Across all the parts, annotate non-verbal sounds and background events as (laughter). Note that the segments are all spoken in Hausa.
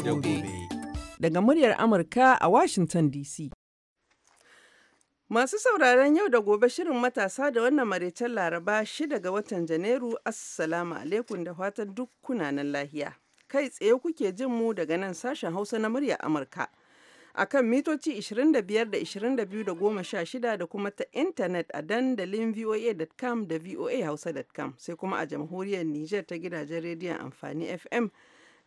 gobe. Daga muryar Amurka a Washington DC. Masu sauraron yau da gobe shirin matasa da wannan maraicen Laraba shi daga watan Janairu, Assalamu alaikum da fatan duk kunanan lahiya. Kai tsaye kuke jin mu daga nan sashen Hausa na muryar Amurka. akan kan mitoci 25 da 26 da da kuma ta intanet a dandalin voa.com da voahausa.com sai kuma a jamhuriyar niger ta gidajen rediyon amfani FM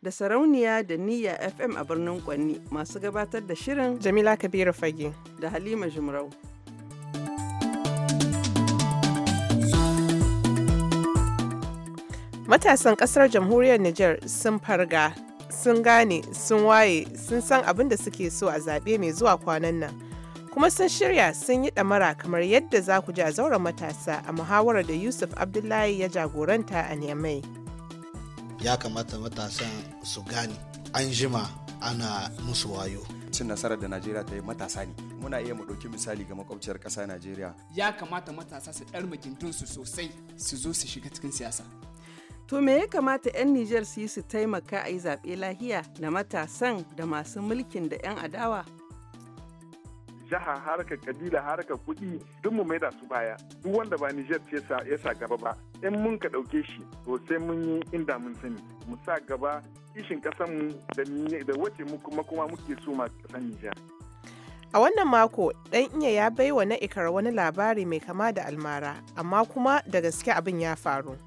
da sarauniya da niyya FM a birnin Kwanni masu gabatar da shirin Jamila Kabiru Fage da Halima Jumrau. Matasan kasar jamhuriyar Nijar sun farga, sun gane, sun waye, sun san abin da suke so a zaɓe mai zuwa kwanan nan. kuma sun shirya sun yi ɗamara kamar yadda za ku ji a zauren matasa a muhawarar da Yusuf Abdullahi ya jagoranta a Niamey. ya kamata matasan su gane an jima ana musu wayo cin nasarar da najeriya ta yi matasa ne muna iya mu ɗauki misali ga makwabciyar ƙasa najeriya ya kamata matasa su ɗar su sosai su zo su shiga cikin siyasa to me ya kamata 'yan nijar su yi su taimaka a yi zaɓe lahiya da matasan da masu mulkin da 'yan adawa jiha harkar kabila harkar kuɗi duk mu maida su baya duk wanda ba Niger ce ya sa gaba ba in mun ka ɗauke shi to sai mun yi inda mun sani mu sa gaba kishin kasanmu da wace mu kuma kuma muke so ma ƙasar Niger. A wannan mako, ɗan iya ya baiwa na ikar wani labari mai kama da almara, amma kuma da gaske abin ya faru.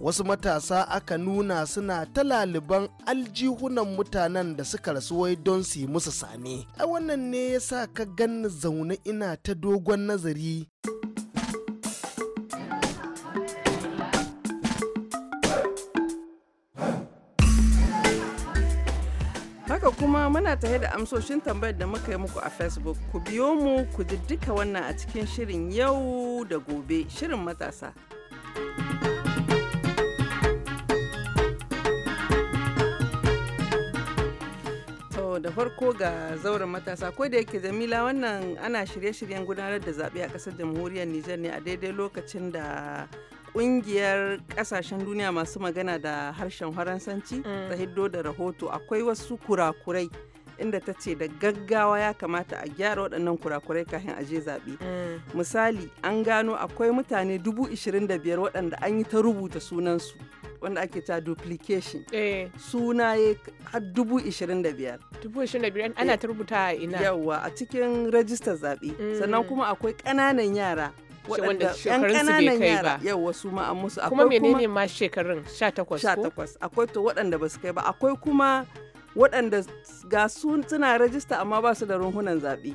wasu matasa aka nuna suna ta laliban aljihunan mutanen da suka rasu wai don su yi musu sane a wannan ne ya sa ka ganni zaune ina ta dogon nazari haka kuma muna ta da amsoshin tambayar da muka yi muku a facebook ku biyo mu ku duka wannan a cikin shirin yau da gobe shirin matasa da farko ga zauren matasa ko da yake Jamila wannan ana shirye-shiryen gudanar da zaɓe a ƙasar jamhuriyar Nijar ne a daidai lokacin da ƙungiyar ƙasashen duniya masu magana da harshen Faransanci ta mm. hiddo da rahoto akwai wasu kurakurai. inda ta ce da gaggawa ya kamata a gyara waɗannan kurakurai kafin aje zaɓe. Mm. Misali an gano akwai mutane dubu ishirin da biyar waɗanda an yi ta rubuta sunansu wanda ake ta duplication. Eh. Suna ya har dubu ishirin da biyar. Dubu ishirin da biyar ana eh. ta rubuta a ina. Yawwa a cikin rajistar zaɓe. Mm. Sannan kuma akwai ƙananan yara waɗanda yan ƙananan yara yau su ma an musu akwai kuma menene ma shekarun sha takwas ko takwas. akwai to waɗanda ba su kai ba akwai kuma waɗanda ga suna rajista amma ba su da runhunan zaɓe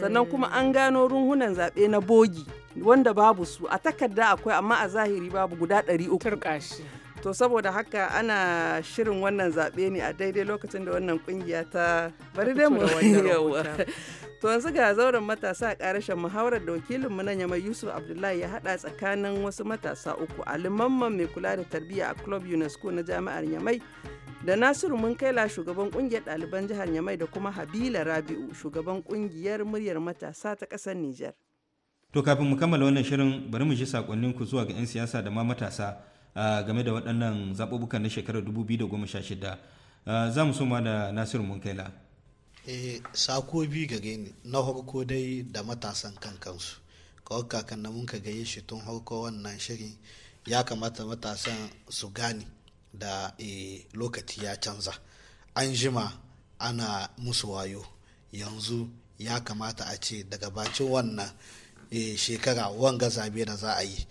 sannan mm. kuma an gano runhunan zaɓe na bogi wanda babu su a takarda akwai amma a zahiri babu guda ɗari uku to saboda haka ana shirin wannan zaɓe ne a daidai lokacin da wannan kungiya ta bari dai mu (laughs) to yanzu ga zauren matasa a karashen muhawarar da wakilin mu nan yamma Yusuf Abdullahi ya haɗa tsakanin wasu matasa uku a Mamman mai kula da tarbiyya a Club UNESCO na Jami'ar Yamai da nasiru mun kaila shugaban kungiyar ɗaliban jihar yamai da kuma habila rabi'u shugaban kungiyar muryar matasa ta ƙasar nijar to kafin mu kammala wannan shirin bari mu ji ku zuwa ga 'yan siyasa da ma matasa game da waɗannan zaɓuɓɓukan na shekarar 2016 za mu soma da nasiru mun kaila eh sako bi ga gani na harko dai da matasan kankansu kansu kawai kakan na mun ka gaye shi tun harko wannan shirin ya kamata matasan su gane da e, lokaci ya canza an jima ana musu wayo yanzu ya kamata a ce daga bacin wannan e, shekara wanga zabe da za a yi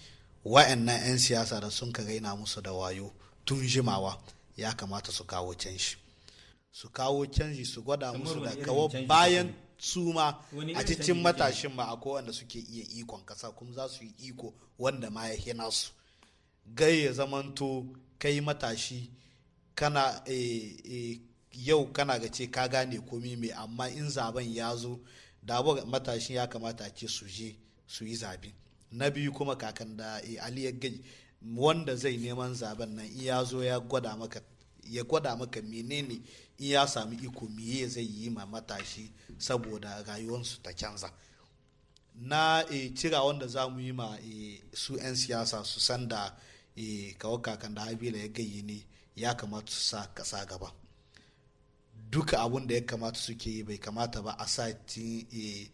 wa'annan 'yan siyasa da sun yana musu da wayo tun jimawa ya kamata su kawo canji su kawo canji su gwada musu da kawo bayan su a cikin matashin ma akwai wanda suke iya ikon kasa kuma za su yi iko wanda ma ya hina su gai ya zamanto kai matashi kana eh, eh, yau kana ga ce ka gane komi mai amma in zaben ya zo da matashi ya kamata ce su je su yi zabe na biyu kuma kakan da eh, ali ya gai wanda zai neman zaben nan in ya zo ya gwada maka ya gwada maka menene in ya sami iko miye zai yi ma matashi saboda rayuwarsu ta canza na e, cira wanda za mu yi ma su 'yan siyasa su san da Eh, kawo kakan da habila ya gayyi ne ya kamata su sa kasa gaba duka abun da ya kamata suke yi bai kamata ba a sa eh, eh,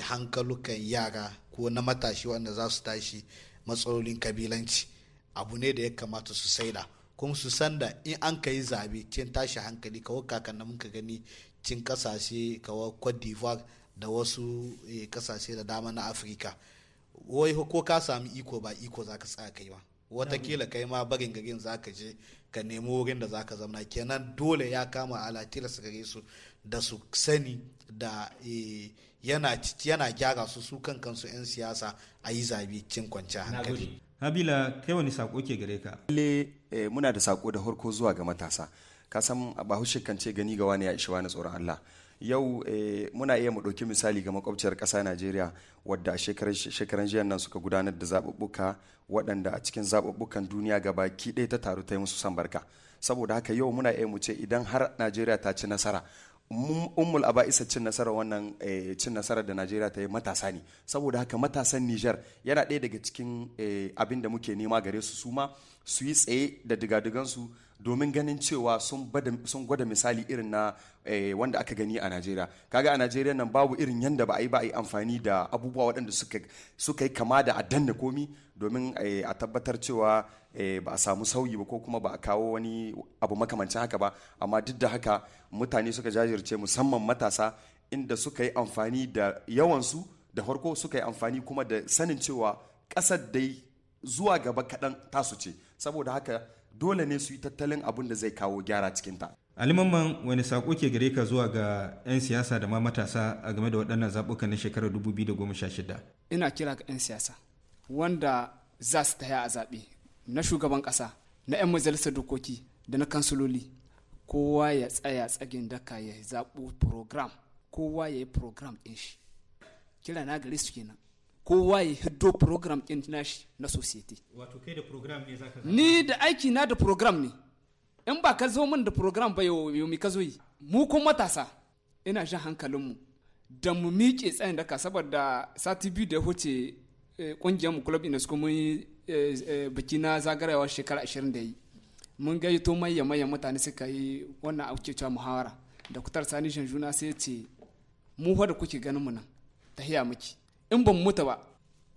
hankalukan yara ko na matashi wanda za su tashi matsalolin kabilanci abu ne da ya kamata su saida kuma su san da in an ka yi zabe cin tashi hankali kawo kakan da muka gani cin kasashe kawo cote d'ivoire da wasu kasashe da dama na afirka wai ko ka sami iko ba iko za ka tsaya kai ba watakila kai ma barin garin za ka je ka nemo wurin da za ka zamna kenan dole ya kama alatila su gare su da su sani da eh, yana gyara su su kan kansu 'yan siyasa a yi zabi cin kwanciyar hankali habila kai wani sako ke gare ka le eh, muna da sako da harko zuwa ga matasa kasan san bahaushe kan gani ga wani ya ishi wani tsoron allah yau eh, muna iya mu ɗauki misali ga makwabciyar ƙasa najeriya wadda a shekaran jiyan nan suka gudanar da zaɓuɓɓuka waɗanda a cikin zaɓuɓɓukan duniya gaba ki ɗaya ta taru ta yi musu san barka saboda haka yau muna iya mu ce idan har najeriya ta ci nasara ummul isa cin nasara wannan eh, cin nasara da najeriya ta yi matasa ne saboda haka matasan niger yana ɗaya daga cikin eh, abin da muke nema gare su ma su yi tsaye da digadigansu domin ganin cewa sun gwada misali irin na eh, wanda aka gani a najeriya kaga a najeriya nan babu irin yanda ba a yi ba a yi amfani da abubuwa waɗanda suka yi kama da a da komi domin eh, a tabbatar cewa eh, ba a samu sauyi ba ko kuma ba a kawo wani abu makamancin haka ba amma duk da haka mutane suka jajirce musamman matasa inda suka yi amfani da yawansu da farko suka yi amfani kuma da sanin cewa ƙasar dai zuwa gaba kaɗan tasu ce saboda haka dole ne su yi tattalin abin da zai kawo gyara cikin cikinta. mamman wani sako ke gare ka zuwa ga 'yan siyasa da ma matasa a game da waɗannan zaɓuka na shekarar 2016? Ina kira ga 'yan siyasa wanda za su taya a zaɓe na shugaban ƙasa na 'yan majalisar dokoki da na kansuloli kowa ya tsaya tsagin daka ya zaɓo program kowa ya yi program ɗin shi kira na gare su kenan kowa ya hiddo program ɗin nashi na society wato kai da program ne zaka ni da aiki na da program ne in ba ka zo min da program ba yau mi ka zo yi mu kun matasa ina jin hankalinmu da mu miƙe tsayin daka saboda sati biyu da huce eh, ƙungiyar mu club UNESCO mun yi eh, eh, biki na zagarawa shekara ashirin da yi mun gayyato manya manyan mutane suka yi wannan auke cewa muhawara da kutar sani juna sai ce mu da kuke ganin mu nan tahiya miki in ban mutu ba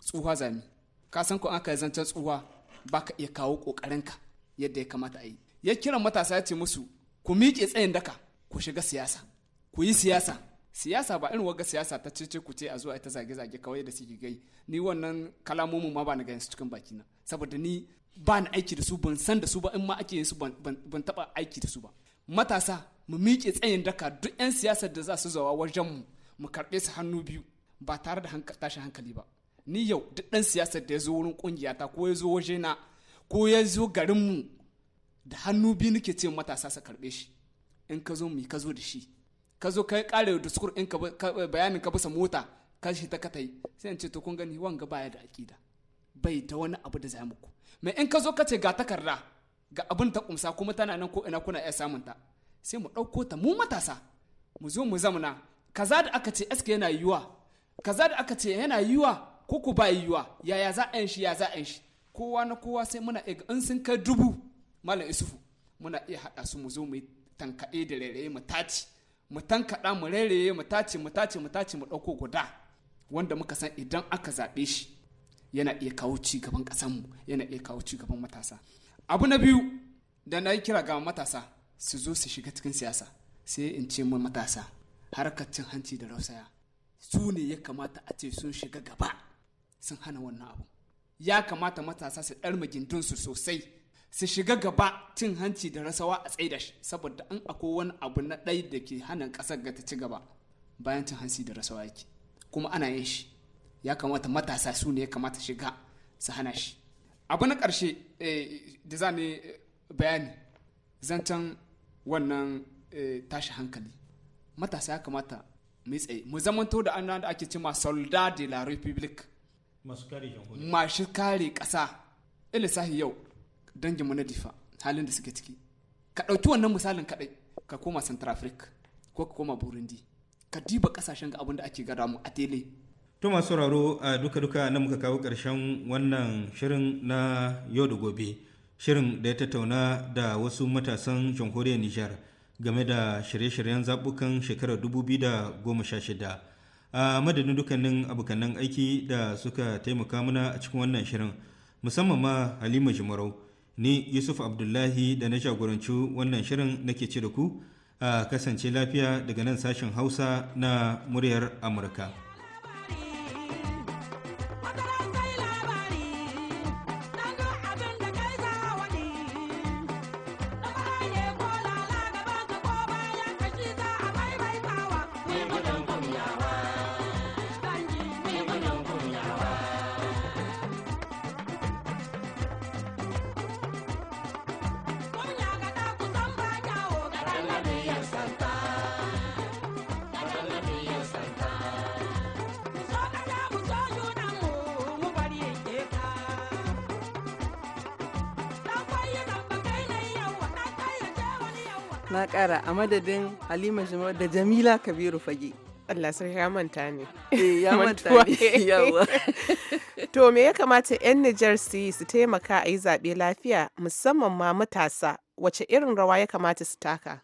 tsuha zami ka san ko aka zancen tsuha ba ka iya kawo ƙoƙarinka yadda ya kamata a yi ya kiran matasa ya ce musu ku miƙe tsayin daka ku shiga siyasa ku yi siyasa siyasa ba irin waga siyasa ta cece ku ce a zuwa ta zage-zage kawai da suke gai ni wannan kalamomin ma ba na gani su cikin bakina saboda ni ba na aiki da su ban san da su ba in ma ake yin su ban taba aiki da su ba matasa mu miƙe tsayin daka duk 'yan siyasar da za su zawa wajen mu mu karɓe su hannu biyu ba tare da tashin hankali ba ni yau duk ɗan siyasar da ya zo wurin ƙungiya ta ko ya zo waje na ko ya zo garin mu da hannu biyu nake ce matasa su karɓe shi in ka zo mu ka zo da shi ka zo ka da sukur in ka eh, bayanin ka bisa mota ka shi ta katai sai in ce to kun gani wanga baya da aƙida bai da wani abu da za muku mai in ka zo ka ce ga takarda ga abin ta kumsa kuma tana nan ko ina kuna iya samun ta sai mu ɗauko ta mu matasa mu zo mu zamana kaza da aka ce eske yana yiwuwa kaza da aka ce yana yiwa ko ku ba yiwa yaya za a shi ya za a shi kowa na kowa sai muna iya in sun kai dubu malam isufu muna iya haɗa su mu zo mu tankaɗe da rairaye mu tace mu tankaɗa mu rairaye mu tace mu tace mu tace mu ɗauko guda wanda muka san idan aka zaɓe shi yana iya kawo ci gaban ƙasanmu yana iya kawo ci gaban matasa abu na biyu da na yi kira ga matasa su zo su shiga cikin siyasa sai in ce mu matasa harkar hanci da rausaya su ne ya kamata a ce sun shiga gaba sun hana wannan abu ya kamata matasa su ɗar magindinsu sosai su shiga gaba cin hanci da rasawa a da shi saboda an akwai wani abu na ɗai da ke hana ƙasar ga ta ci gaba bayan cin hanci da rasawa yake kuma ana yin shi ya kamata matasa su ne ya kamata shiga su hana shi abu na ƙarshe eh, da za ni eh, bayani zancen wannan eh, tashi hankali matasa ya kamata mai tsaye mu zamanto da annan da ake cima soldat de la republique masu kare ƙasa ilisahi yau danginmu na difa halin da suke ciki ka ɗauki wannan misalin kaɗai ka koma central africa ko ka koma burundi ka diba kasashen ga abin da ake gada mu a tele to masu sauraro a duka-duka nan muka kawo ƙarshen wannan shirin na yau da gobe shirin da ya tattauna da wasu matasan jamhuriyar nijar game da shirye-shiryen zaɓukan shekarar 2016 a madadin dukkanin abokanan aiki da suka taimaka mana a cikin wannan shirin musamman ma halima jimarau ni yusuf abdullahi da na jagoranci wannan shirin nake ce da ku a kasance lafiya daga nan sashen hausa na muryar amurka madadin Halima Jima da Jamila Kabiru Fage. Allah sai ya manta ne. Eh, ya (laughs) manta ne (laughs) yawa. (laughs) To me ya kamata 'yan Nijar su yi su taimaka a yi zaɓe lafiya musamman ma matasa wace irin rawa ya kamata su taka?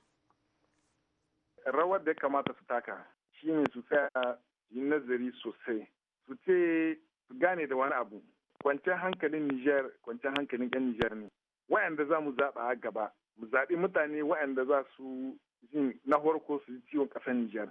Rawar da ya kamata su taka shi ne su tsaya yi nazari sosai su ce su gane da wani abu kwanciyar hankalin Nijar kwanciyar hankalin 'yan Nijar ne. Wayanda za mu zaɓa gaba mu zaɓi mutane waɗanda za su jin na farko su yi ciwon ƙasar Nijar.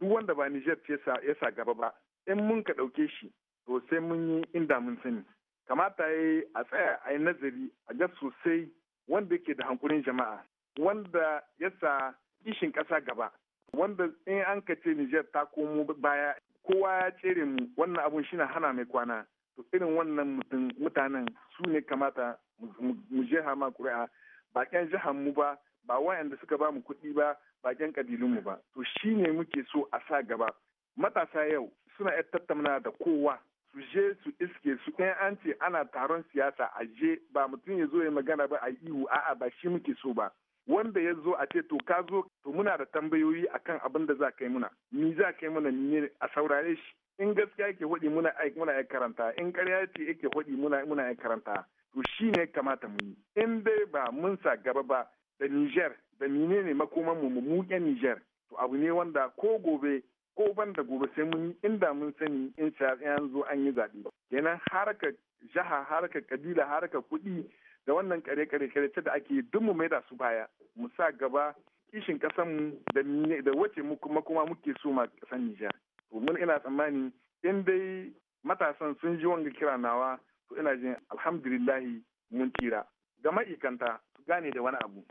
Duk wanda ba Nijar ce ya sa gaba ba, in mun ka ɗauke shi to sai mun yi inda mun sani. Kamata ya a tsaya a yi nazari a ga sosai wanda yake da hankulin jama'a, wanda ya sa kishin ƙasa gaba, wanda in an ka ce Nijar ta komo baya kowa ya cere mu wannan abun shi hana mai kwana. To irin wannan mutanen su ne kamata mu je hama ƙuri'a baken jihar mu ba ba wayanda suka ba mu kuɗi ba ba ƴan kabilun mu ba to shi ne muke so a sa gaba matasa yau suna yan tattauna da kowa su je su iske su ɗan an ce ana taron siyasa a je ba mutum ya zo ya magana ba a ihu a'a ba shi muke so ba wanda ya zo a ce to ka zo to muna da tambayoyi akan abin da za ka yi muna ni za ka yi muna ne a saurare shi in gaskiya yake hudi muna muna karanta in ƙarya ce yake hudi muna muna karanta to shi ne kamata mu yi in dai ba mun sa gaba ba da Niger da mine ne makoman mu mu Niger to abu ne wanda ko gobe ko ban da gobe sai mun yi inda mun sani in sha an zo an yi zaɓe kenan haraka jaha haraka kabila haraka kuɗi da wannan kare kare kare da ake duk mu maida su baya mu sa gaba kishin ƙasan mu da da wace mu kuma kuma muke so ma ƙasan Nijar to mun ina tsammani in dai matasan sun ji wanga kira nawa ina jin alhamdulillahi mun tira ga ma'aikanta su gane da wani abu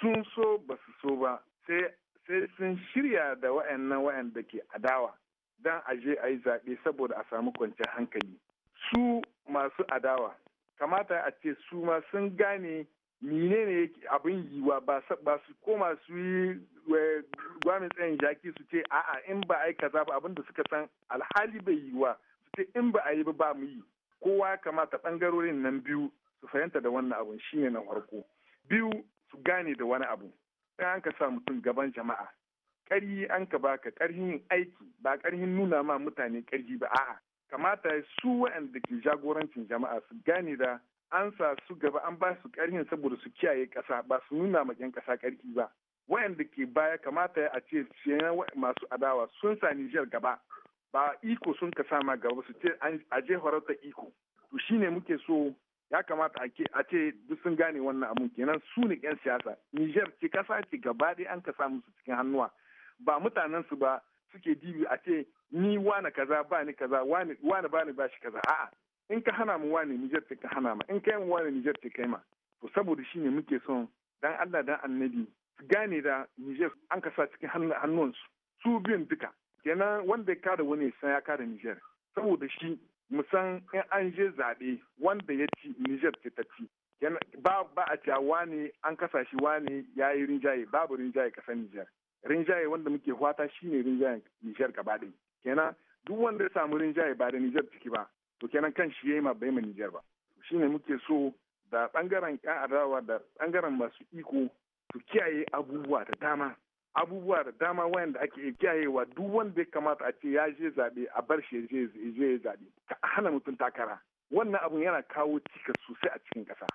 sun so ba su so ba sai sun shirya da wa'annan wa'anda ke adawa don a je a yi zaɓe saboda a samu kwanciyar hankali su masu adawa kamata a ce su ma sun gane mine ne abin yiwa ba su koma su yi eh, gwamin tsayin jaki su ce a'a in ba a yi kaza ba abin da suka san alhali bai yiwa su ce in ba a yi ba ba mu yi kowa ya kamata ɓangarorin nan biyu su fahimta da wannan abun shine na farko biyu su gane da wani abu sai an ka sa mutum gaban jama'a ƙarhi an ka baka ƙarhin aiki ba ƙarhin nuna ma mutane ƙarhi ba a'a kamata su waɗanda ke jagorancin jama'a su gane da an sa su gaba an ba su ƙarhin saboda su kiyaye ƙasa ba su nuna ma ƴan ƙasa ƙarfi ba Wayanda ke baya kamata a ce masu adawa sun sa Nijar gaba ba iko sun ka sama gaba su ce a je horar da iko to shine muke so ya kamata a ce duk sun gane wannan abun kenan su ne 'yan siyasa niger ce kasa ce gaba ɗaya an ka samu su cikin hannuwa ba mutanen su ba suke dibi a ce ni wani kaza ba ni kaza wani ba ni ba shi kaza a'a in ka hana mu wani niger ce ka hana ma in ka yi mu wani niger ce kai ma to saboda shine muke son dan Allah dan annabi su gane da niger an ka sa cikin hannuwansu su biyun duka kenan wanda ya kada wani sai ya kada Nijar saboda shi musan in an je zaɓe wanda ya ci Nijar ce ta ci ba ba a ci wani an kasa shi wani ya yi rinjaye babu rinjaye kasar Nijar rinjaye wanda muke hwata shine rinjaye Nijar gaba ɗaya kenan duk wanda ya samu rinjaye ba da Nijar ciki ba to kenan kan shi yayi ma bai ma Nijar ba shine muke so da bangaren ƴan da bangaren masu iko su kiyaye abubuwa da dama abubuwa da dama wayanda ake kiyayewa duk wanda ya kamata a ce ya je zaɓe a bar shi ya je ya zaɓe ka hana mutum takara wannan abun yana kawo cikas sosai a cikin ƙasa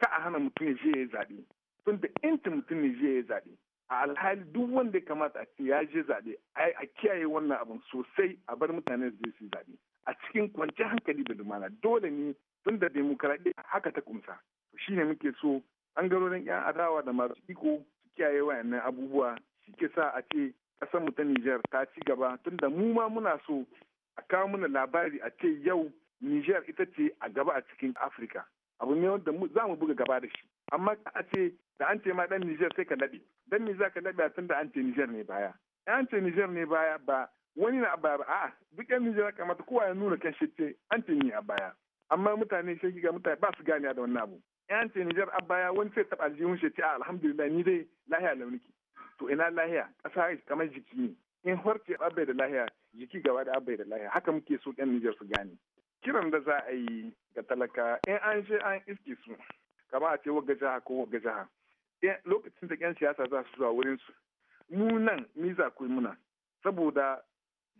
ka a hana mutum ya je ya zaɓe tun da inta mutum ne je ya zaɓe a alhali duk wanda ya kamata a ce ya je zaɓe a kiyaye wannan abun sosai a bar mutane su je su zaɓe a cikin kwanciyar hankali da lumana dole ne tun da demokaradiyya haka ta kumsa shine muke so an 'yan adawa da masu iko su kiyaye wayannan abubuwa shi ke sa a ce ƙasar mu ta Nijar ta ci gaba tunda mu ma muna so a kawo mana labari a ce yau Nijar ita ce a gaba a cikin Afirka. Abu ne wanda za mu buga gaba da shi. Amma a ce da an ce ma dan Nijar sai ka laɓe. Dan me za ka laɓe a tunda an ce Nijar ne baya. An ce Nijar ne baya ba wani na baya ba a'a duk yan Nijar kamata kowa ya nuna kan shi ce an ce ni a baya. Amma mutane sai ga mutane ba su gane da wannan abu. An ce Nijar a baya wani sai taɓa aljihun shi ce alhamdulillah ni dai lahiya launiki. to ina lahiya ƙasa kamar jiki ne in harce abai da lahiya jiki gaba da abai da lahiya haka muke so yan Nijar su gane kiran da za a yi ga talaka in an je an iske su kamar a ce wagga jiha ko wagga jiha eh, lokacin da yan siyasa za su zuwa wurin su mu nan mi za ku muna saboda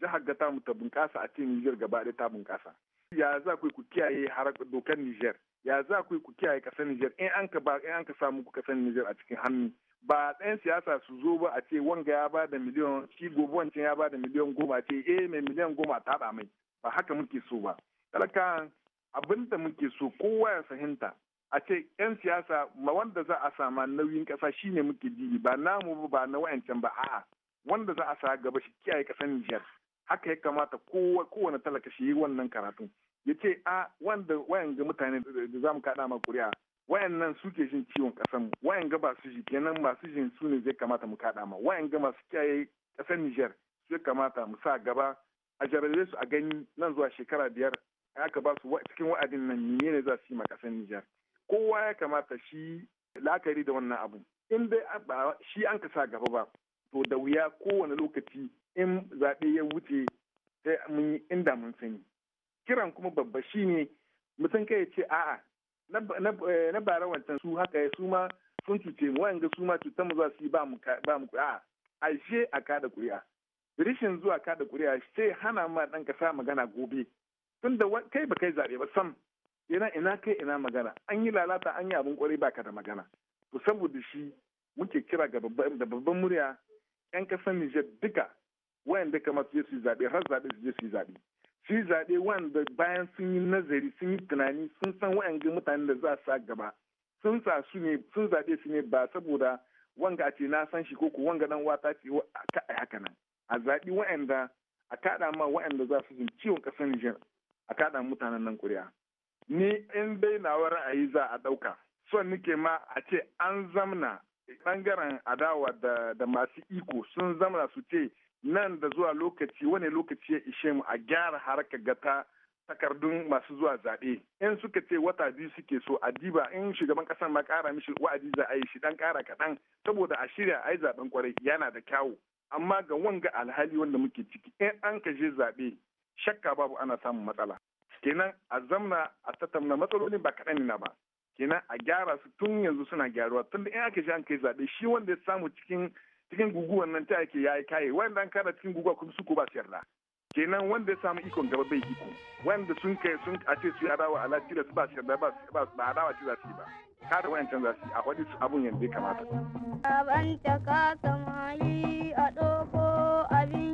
jihar ga mu ta bunƙasa a ce Nijar gaba ɗaya ta bunƙasa ya za ku ku kiyaye dokar Nijar ya za ku ku kiyaye ƙasar Nijar in an ka ba in an ka samu ku kasar Nijar a cikin hannu ba ɗan siyasa su zo ba a ce wanga ya ba da miliyan shi gobe ya ba da miliyan goma ce eh mai miliyan goma ta taɗa mai ba haka muke so ba talaka abin da muke so kowa ya fahimta a ce 'yan siyasa ma wanda za a sama nauyin ƙasa shine muke ji ba namu ba na wa'ancan ba a'a wanda za a sa gaba shi kiyaye ƙasar Nijar haka ya kamata kowane talaka shi yi wannan karatu ya ce a wanda wayan ga mutane da za mu kaɗa ma kuri'a wayannan suke jin ciwon mu wayan ga masu ji kenan masu jin su ne zai kamata mu kaɗa ma wayan ga masu kiyaye kasan Nijar su kamata mu sa gaba a jarabe su a gani nan zuwa shekara biyar aka ba su cikin wa'adin nan ne ne za su yi ma kasan Nijar kowa ya kamata shi la'akari da wannan abu in dai shi an ka sa gaba ba to da wuya kowane lokaci in zaɓe ya wuce sai mun yi inda mun sani kiran kuma babba shi ne mutum kai ya ce a'a Eh, na bara wancan su haka su ma sun cuce mu wa'anga su ma cutar mu za su yi ba mu a ashe a kada kuri'a rishin zuwa kada kuri'a sai hana ma ɗan kasa magana gobe tunda kai ba kai zabe ba sam ina ina kai ina magana an yi lalata an yi abin kwarai baka da magana to saboda shi muke kira ga babban murya yan kasan Niger duka wayanda kamar su je su zaɓe har zabe su je su zaɓe su zaɓe wanda bayan sun yi nazari sun yi tunani sun san wa'anga mutanen da za su sa gaba sun sa su ne sun zaɓe su ne ba saboda wanga ce na san shi koko wanga dan wata ce a haka nan a zaɓi wa'anda a kaɗa ma wa'anda za su jin ciwon ƙasar Nijar a kaɗa mutanen nan kuri'a. Ni in dai nawa ra'ayi za a ɗauka. Son nike ma a ce an zamna ɓangaren adawa da masu iko sun zamna su ce nan da zuwa lokaci wani lokaci ya ishe mu a gyara harkar gata takardun masu zuwa zaɓe in suka ce wata biyu suke so a diba in shugaban ƙasar ma kara mishi wa'adi za a yi shi ɗan kara kaɗan saboda a shirya a yi zaɓen kwarai yana da kyawu amma ga wanga alhali wanda muke ciki in an kashe zaɓe shakka babu ana samun matsala kenan a zamna a tattauna matsaloli ba kaɗan na ba kenan a gyara su tun yanzu suna gyaruwa tun da in aka je an kai zaɓe shi wanda ya samu cikin cikin guguwan nan ta yake yayi kaye wanda an kada cikin guguwa kuma su ko ba su yarda kenan wanda ya samu ikon gaba bai iko wanda sun kai sun a ce su yi adawa ala su ba su yarda ba ba adawa ce za su yi ba kada wayancan za su yi a wani abun yanzu ya kamata. Ban ta ka samari a ɗoko abin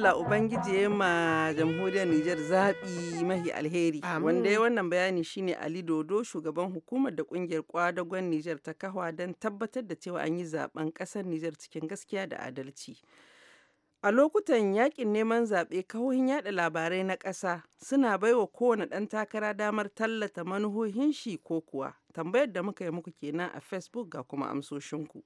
Allah Ubangiji ya ma jamhuriyar Nijar zaɓi mahi alheri. Wanda ya wannan bayani shine Ali Dodo shugaban hukumar da kungiyar kwadagon Nijar ta kahwa don tabbatar da cewa an yi zaben ƙasar Nijar cikin gaskiya da adalci. A lokutan yakin neman zaɓe kawohin yada labarai na ƙasa suna baiwa kowane ɗan takara damar tallata manuhohin shi ko kuwa. Tambayar da muka yi muku kenan a Facebook ga kuma amsoshinku.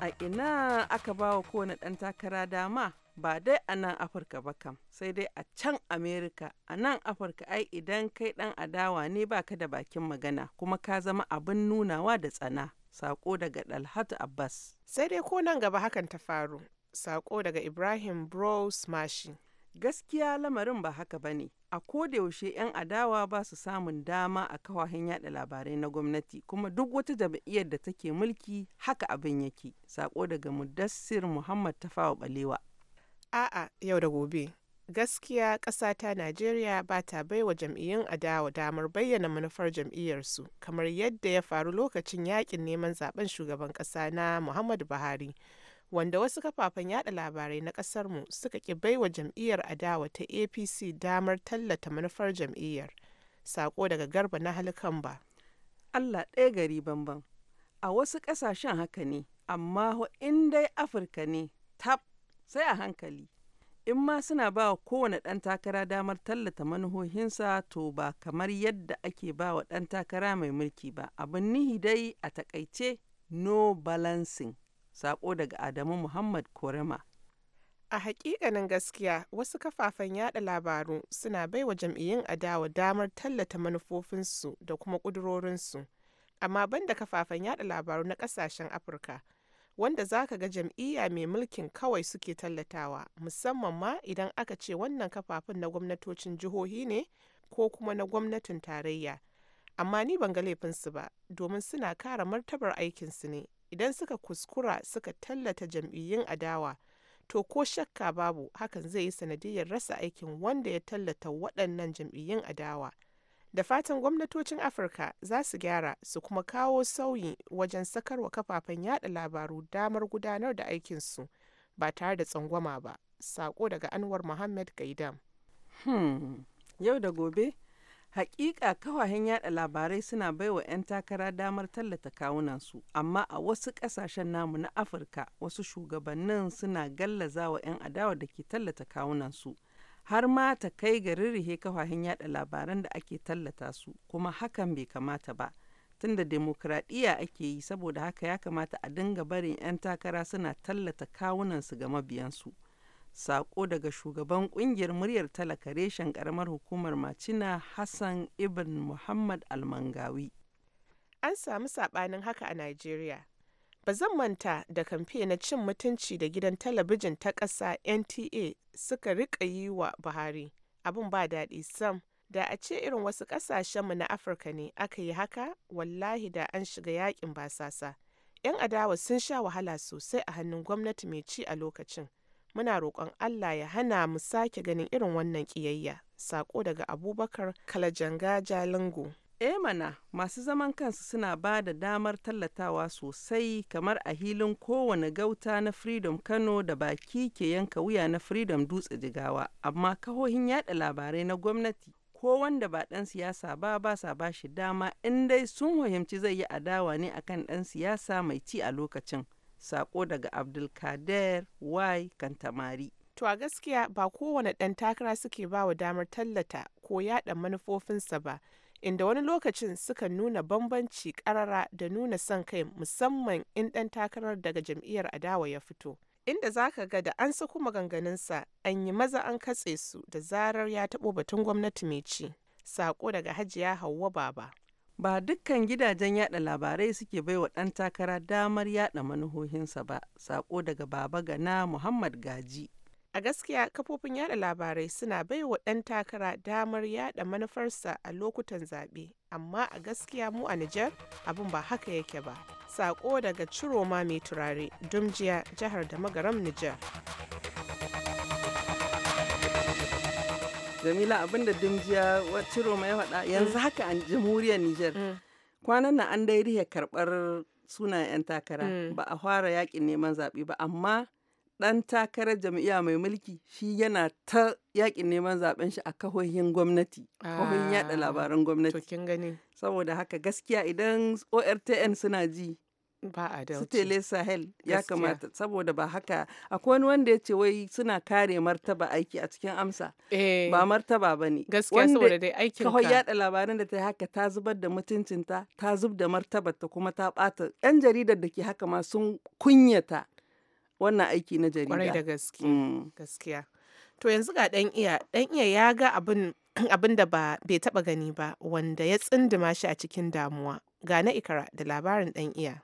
a ina aka ba wa kowane ɗan takara dama ba dai a nan afirka ba kam sai dai a can amerika a nan afirka ai idan kai ɗan adawa ne baka da bakin magana kuma ka zama abin nunawa da tsana sako daga dalhatu abbas sai dai ko nan gaba hakan ta faru sako daga ibrahim bros mashi Gaskiya lamarin ba haka ba ne, a kodayaushe 'yan adawa ba su samun dama a kawahin yada labarai na gwamnati kuma duk wata jam'iyyar da take mulki haka abin yake. Sako daga Mudassir Muhammad ta fawa Balewa. A'a yau da gobe. Gaskiya ƙasa ta Najeriya ba ta baiwa jam'iyyun adawa damar bayyana manufar jam'iyyarsu kamar yadda ya faru lokacin yakin neman zaben shugaban ƙasa na Muhammadu Buhari. wanda wasu kafafen yada labarai na kasarmu suka ki baiwa jam'iyyar adawa ta apc damar tallata manufar jam'iyyar sako daga garba na ba allah ɗaya gari banban a wasu ƙasashen haka ne amma in dai afirka ne tab sai a hankali in ma suna ba wa kowane ɗan takara damar tallata manuhohinsa to ba kamar yadda ake ba wa ɗan takara mai mulki ba abin nihi dai a takaice no balancing Sako daga Adamu Muhammad Korema. A hakikanin gaskiya wasu kafafen yada labaru suna baiwa jam'iyyun adawa damar tallata manufofinsu da kuma ƙudurorinsu, amma banda kafafen yada labaru na ƙasashen Afirka, wanda za ka ga jam'iyya mai mulkin kawai suke tallatawa, musamman ma idan aka ce wannan kafafen na gwamnatocin jihohi ne ko kuma na gwamnatin tarayya. Amma ni ban ga laifinsu ba, domin suna kara martabar aikinsu ne, idan suka kuskura suka tallata jam'iyyun adawa to ko shakka babu hakan zai yi sanadiyar rasa aikin wanda ya tallata waɗannan jam'iyyun adawa da fatan gwamnatocin afirka za su gyara su kuma kawo sauyi wajen sakarwa kafafen yada labaru damar gudanar da aikinsu ba tare da tsangwama ba sako daga anwar muhammad gaidam hmm. yau da gobe Hakika kawahen yada labarai suna baiwa 'yan takara damar tallata kawunansu, amma a wasu kasashen namu na Afirka wasu shugabannin suna gallaza wa 'yan adawa da ke tallata kawunansu, har ma ta kai ga rirrihe kawahen yada labaran da ake tallata su, kuma hakan bai kamata ba. Tunda demokradiyya ake yi saboda haka ya kamata a dinga barin 'yan takara suna tallata kawunansu ga mabiyansu. Sako daga shugaban kungiyar muryar talaka reshen karamar hukumar Macina Hassan Ibn Muhammad Almangawi. An samu sabanin haka a nigeria Ba zan manta da kamfe na cin mutunci da gidan talabijin ta ƙasa NTA suka rika yi wa Buhari. Abin ba daɗi sam. Da a ce irin wasu ƙasashenmu na Afirka ne aka yi haka, wallahi da an shiga yakin basasa. 'Yan adawa sun sha wahala sosai a hannun gwamnati mai ci a lokacin. muna roƙon Allah ya hana mu sake ganin irin wannan ƙiyayya. Sako daga Abubakar Kalajanga Jalingo. E eh mana masu zaman kansu suna ba da damar tallatawa sosai kamar a hilin kowane gauta na Freedom Kano da baki ke yanka wuya na Freedom Dutse Jigawa, amma kahohin yada labarai na gwamnati ko wanda ba ɗan siyasa ba ba sa ba shi dama in dai sun fahimci zai yi adawa ne akan ɗan siyasa mai ci a lokacin. Sako daga Abdulkader Y. Kantamari. To a gaskiya ba kowane ɗan takara suke ba wa damar tallata ko yaɗa manufofinsa ba, inda wani lokacin suka nuna bambanci ƙarara da nuna son kai musamman in ɗan takarar daga jam'iyyar adawa ya fito. Inda za ka ga da an sako maganganunsa an yi maza an katse su da zarar ya taɓo batun gwamnati mai ci. Sako daga Hajiya Hauwa Baba. Ba dukkan gidajen yada labarai suke baiwa ɗan takara damar yada manuhohinsa ba, sako daga Baba Gana Muhammad Gaji. A gaskiya kafofin yada labarai suna baiwa ɗan takara damar yada manufarsa a lokutan zaɓe, amma a gaskiya mu a Nijar abin ba haka yake ba. Sako daga Ciroma mai turare, Dumjiya, jihar da magaram Nijar. jamila abinda dimjiya ciro mai faɗa yanzu mm. haka a jamhuriyar niger mm. kwanan na an daidai rihe karɓar suna 'yan takara mm. ba a fara yakin neman zaɓe ba amma ɗan takarar jam'iyya mai mulki shi yana ta yakin neman zaben shi a kahohin gwamnati kahohin yada ah, labaran gwamnati saboda haka gaskiya idan ortn suna ji ba a tele sahel ya kamata saboda ba haka akwai wani wanda ya ce wai suna kare martaba aiki a cikin amsa eh. ba martaba ba ne gaskiya saboda dai aikin ka yada labarin da ta haka ta zubar da mutuncinta ta zub da martabarta kuma ta bata yan jaridar da ke haka ma sun kunyata wannan aiki na jarida kwarai da mm. gaskiya to yanzu ga dan iya dan iya ya ga abin (clears throat) abin da ba bai taba gani ba wanda ya tsindima shi a cikin damuwa ga na ikara da labarin dan iya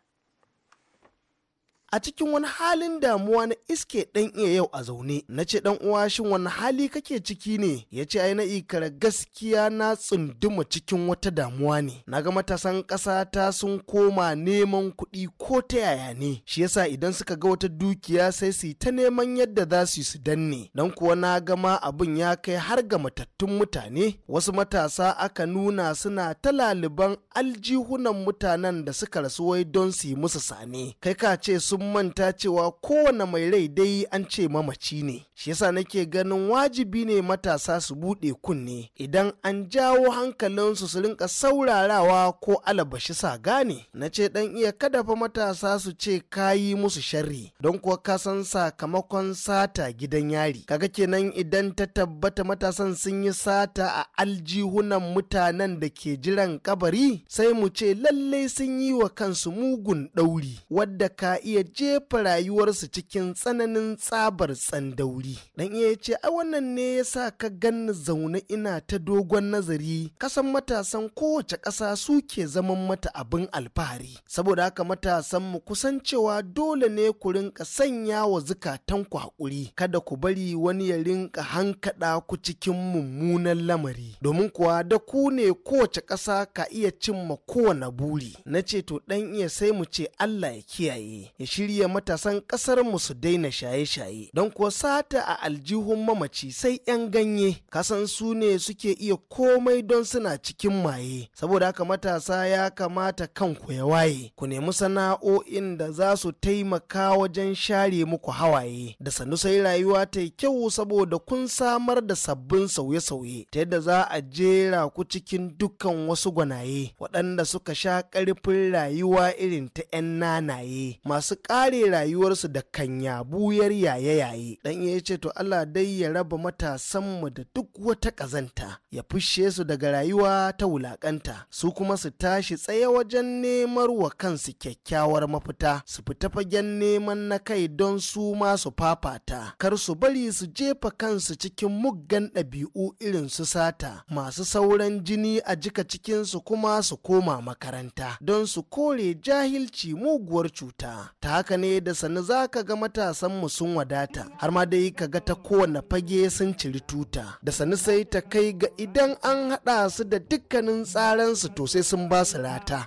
a cikin wani halin damuwa na iske dan iya yau a zaune na ce dan uwa shin wani hali kake ciki ne ya ce ai na ikara gaskiya na tsunduma cikin wata damuwa ne na ga matasan ƙasa ta sun koma neman kuɗi ko ta yaya ne shi yasa idan suka ga wata dukiya sai su ta neman yadda za su su danne dan kuwa na gama abin ya kai har ga matattun mutane wasu matasa aka nuna suna ta laliban aljihunan mutanen da suka rasu wai don su yi musu sane kai ka ce su sun manta cewa kowane mai rai dai an ce mamaci ne shi yasa nake ganin wajibi ne matasa su buɗe kunne idan an jawo hankalinsu su rinka saurarawa ko alabashi sa gane na ce dan iya kada fa matasa su ce kayi musu sharri don kuwa ka san sakamakon sata gidan yari kaga kenan idan ta tabbata matasan sun yi sata a aljihunan mutanen da ke jiran kabari sai mu ce lallai sun yi wa kansu mugun ɗauri wadda ka iya jefa rayuwarsu cikin tsananin tsabar tsandauri dan iya ce a wannan ne ya sa ka ganni zaune ina ta dogon nazari kasan matasan kowace ƙasa suke zaman mata abin alfahari saboda haka matasan mu kusan cewa dole ne ku rinka sanya wa zukatan ku haƙuri kada ku bari wani ya rinka hankaɗa ku cikin mummunan lamari domin kuwa da ku ne kowace ƙasa ka iya cimma kowane buri na ce to dan iya sai mu ce Allah ya kiyaye ya shirya matasan kasar mu su daina shaye-shaye don kuwa sata a aljihun mamaci sai 'yan ganye kasan su ne suke iya komai don suna cikin maye saboda haka matasa ya kamata kanku ya waye ku nemi sana'o'in da za su taimaka wajen share muku hawaye da sannu sai rayuwa ta kyau saboda kun samar da sabbin sauye-sauye ta yadda za a jera ku cikin dukkan wasu gwanaye waɗanda suka sha ƙarfin rayuwa irin ta 'yan nanaye masu kare rayuwarsu da kanya buyar yaye-yaye dan ya ce to Allah dai ya raba matasan mu da duk wata kazanta. ya fushe su daga rayuwa ta wulakanta su kuma su tashi tsaye wajen nemar wa kansu kyakkyawar mafita su fita fagen neman na kai don su ma su fafata kar su bari su jefa kansu cikin muggan ɗabi'u irin su sata masu sauran jini a jika cikin su kuma su koma makaranta don su kore jahilci muguwar cuta ta haka ne da sannu za ka ga matasan mu sun wadata har ma dai ka ga ta kowane fage sun ciri tuta da sannu sai ta kai ga idan an haɗa su da dukkanin tsaran su to sai sun ba su rata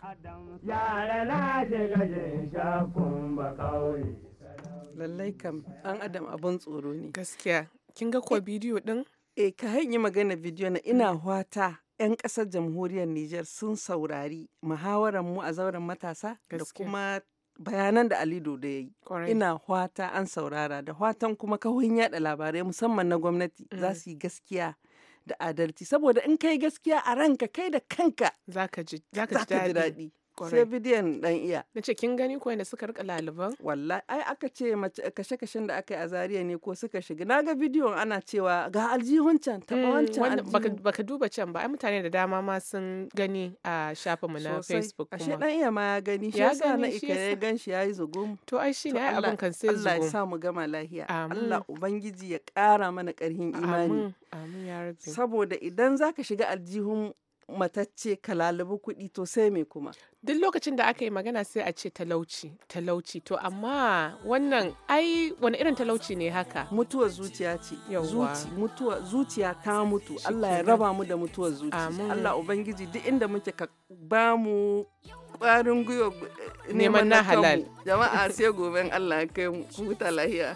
lallai kam an adam abin tsoro ne gaskiya kin ga ko eh. bidiyo din eh ka hanyi magana bidiyo na ina wata 'yan ƙasar jamhuriyar Nijar sun saurari muhawarar mu a zauren matasa da kuma bayanan da alido da ya yi ina hwata an saurara da hwatan kuma kawai yada labarai musamman na gwamnati za mm. su yi gaskiya da adalci saboda in kai gaskiya a ranka kai da kanka za ka ji daɗi sai bidiyon dan iya na ce kin gani ko yadda suka rika laliban walla ai aka ce kashe-kashen da aka yi a zaria ne ko suka shiga na ga bidiyon ana cewa ga aljihun can taba hmm, wancan aljihun baka duba can ba ai mutane da dama ma sun gani a shafin mu na facebook kuma ashe dan iya ma ya gani shi yasa na ika ya gan shi yayi zugum to ai shi ne ai abin kan sai zugum Allah ya sa mu gama lahiya Allah ubangiji ya kara mana karhin imani amin amin ya rabbi saboda idan zaka shiga aljihun matacce ka lalubi kuɗi to sai me kuma duk lokacin da aka yi magana sai a ce talauci talauci to amma wannan ai wani irin talauci ne haka mutuwar zuciya ce mutuwa zuciya ta mutu Allah ya raba mu da mutuwar zuciya Allah ubangiji duk inda muke ka ba mu kwarin gwiwa eh, neman na halal jama'a sai gobe Allah ya kai mu huta lahiya